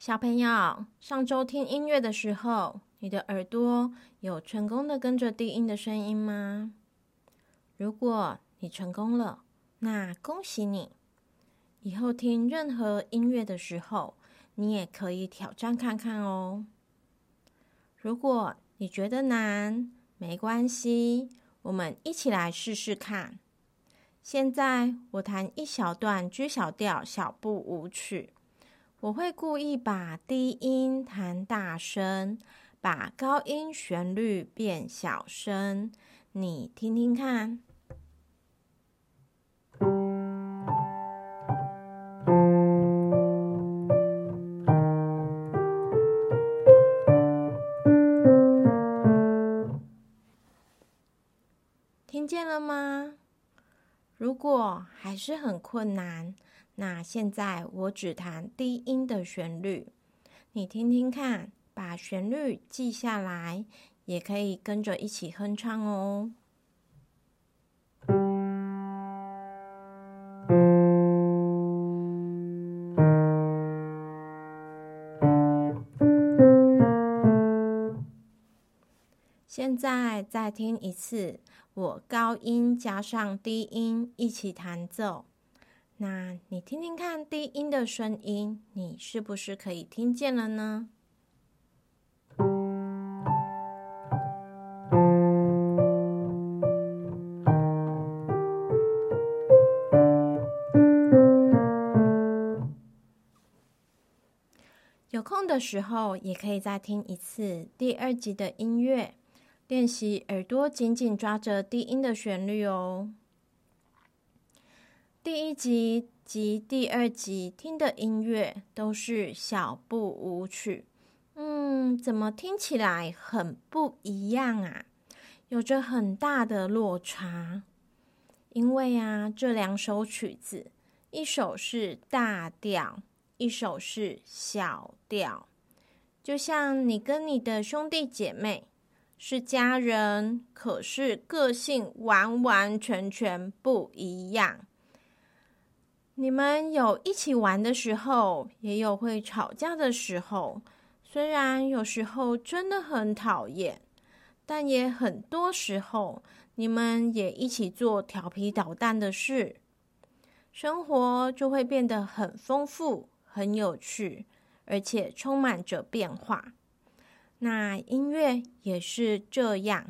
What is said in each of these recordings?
小朋友，上週聽音樂的時候，你的耳朵有成功的跟着低音的聲音嗎？如果你成功了，那恭喜你！以後聽任何音樂的時候，你也可以挑戰看看哦。如果你覺得難，沒關係，我們一起來試試看。現在我彈一小段 G 小調小步舞曲。我會故意把低音彈大聲，把高音旋律變小聲。你聽聽看。聽見了嗎？如果還是很困難。那現在我只彈低音的旋律，你聽聽看，把旋律記下來，也可以跟着一起哼唱哦。現在再聽一次，我高音加上低音一起彈奏。那你聽聽看低音的聲音，你是不是可以聽見了呢？有空的時候，也可以再聽一次第二集的音樂，練習耳朵緊緊抓着低音的旋律哦。第一集及第二集聽的音樂都是小步舞曲，嗯，怎麼聽起來很不一樣啊？有着很大的落差，因為啊，這兩首曲子，一首是大調，一首是小調，就像你跟你的兄弟姐妹是家人，可是個性完完全全不一樣。你們有一起玩的時候，也有會吵架的時候。雖然有時候真的很討厭，但也很多時候你們也一起做調皮搗蛋的事，生活就會變得很豐富、很有趣，而且充滿着變化。那音樂也是這樣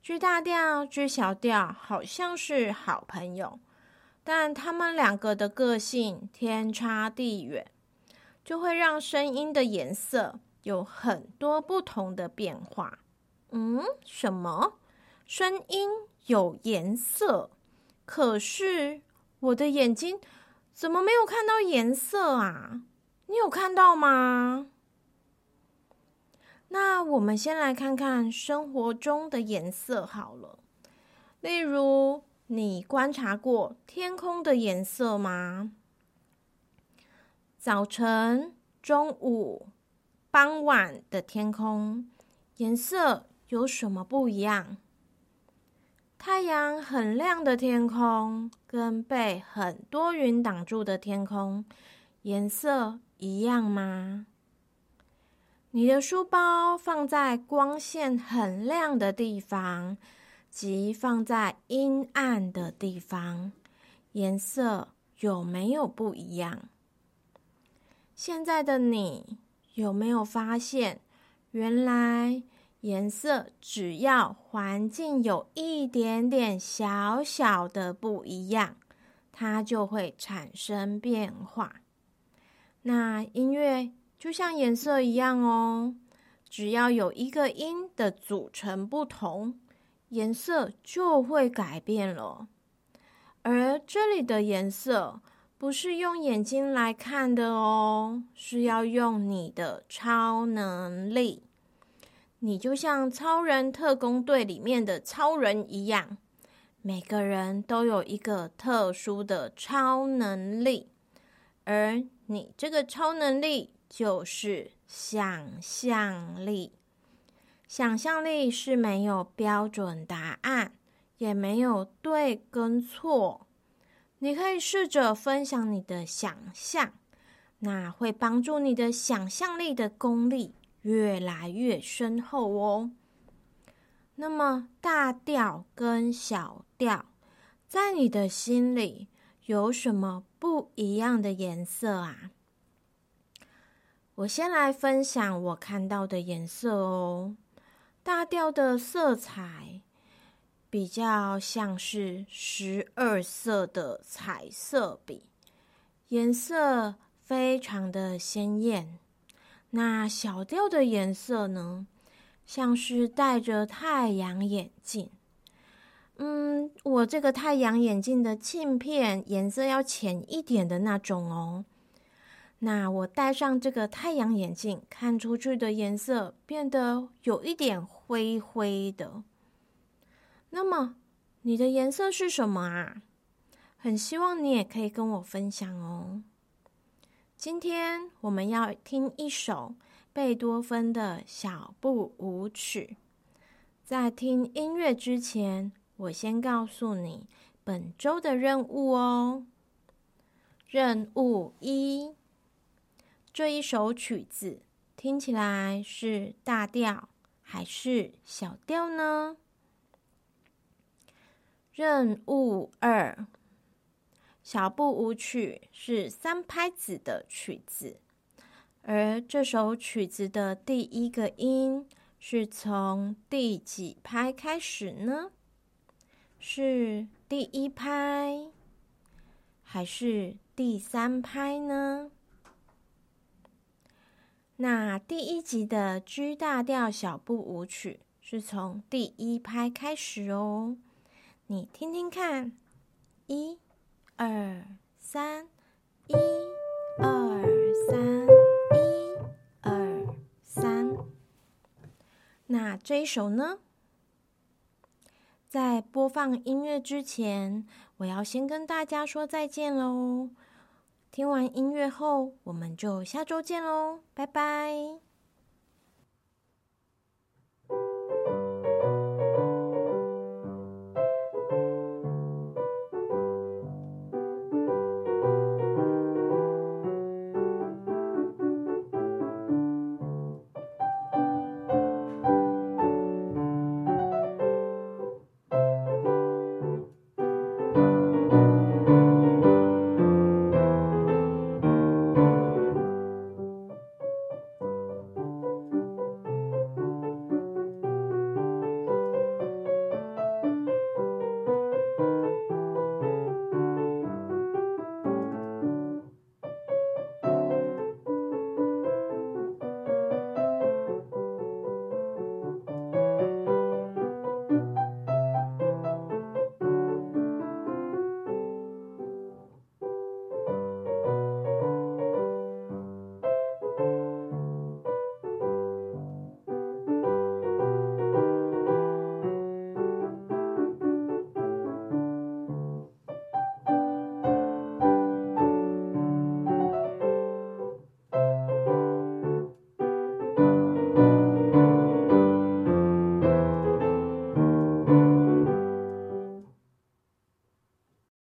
，G 大調、G 小調，好像是好朋友。但他們兩個的個性天差地遠，就會讓聲音的顏色有很多不同的變化。嗯，什麼聲音有顏色？可是我的眼睛怎麼沒有看到顏色啊？你有看到嗎？那我們先來看看生活中的顏色好了，例如。你觀察過天空的顏色嗎？早晨、中午、傍晚的天空顏色有什麼不一樣？太陽很亮的天空跟被很多雲擋住的天空顏色一樣嗎？你的書包放在光線很亮的地方。即放在陰暗的地方，顏色有沒有不一樣？現在的你有沒有發現，原來顏色只要環境有一點點小小的不一樣，它就會產生變化。那音樂就像顏色一樣哦，只要有一個音的組成不同，顏色就會改變了，而這裡的顏色不是用眼睛來看的哦，是要用你的超能力。你就像《超人特工隊》裡面的超人一樣，每個人都有一個特殊的超能力，而你這個超能力就是想象力。想象力是沒有標準答案，也沒有對跟錯。你可以試着分享你的想象，那會幫助你的想象力的功力越來越深厚哦。那麼大調跟小調，在你的心裡有什麼不一樣的顏色啊？我先來分享我看到的顏色哦。大調的色彩比較像是十二色的彩色筆，顏色非常的鮮豔。那小調的顏色呢，像是戴着太陽眼鏡。嗯，我這個太陽眼鏡的鏡片顏色要淺一點的那種哦。那我戴上這個太陽眼鏡，看出去的顏色變得有一點灰灰的。那麼你的顏色是什麼啊？很希望你也可以跟我分享哦。今天我們要聽一首貝多芬的小步舞曲。在聽音樂之前，我先告訴你本周的任務哦。任務一。這一首曲子聽起來是大調還是小調呢？任務二，小步舞曲是三拍子的曲子，而這首曲子的第一個音是從第幾拍開始呢？是第一拍還是第三拍呢？那第一集的 G 大調小步舞曲是從第一拍開始哦，你聽聽看一，一、二、三，一、二、三，一、二、三。那這一首呢？在播放音樂之前，我要先跟大家說再見嘍。聽完音樂後，我們就下周見嘍，拜拜。